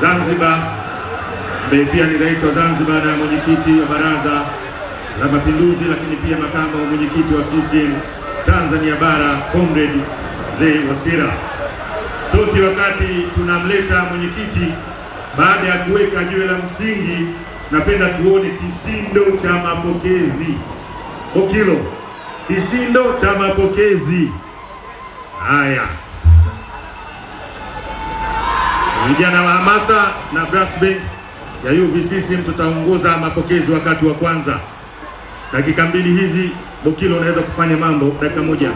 Zanzibar ambaye pia ni rais wa Zanzibar na mwenyekiti wa Baraza la Mapinduzi, lakini pia makamu wa mwenyekiti wa CCM Tanzania Bara, Comrade Mzee Wasira. Toti, wakati tunamleta mwenyekiti baada ya kuweka jiwe la msingi, napenda tuone kishindo cha mapokezi Okilo, kishindo cha mapokezi haya vijana wa hamasa na brass band ya UVCCM tutaongoza mapokezi wakati wa kwanza. Dakika mbili hizi Bukilo unaweza kufanya mambo dakika moja.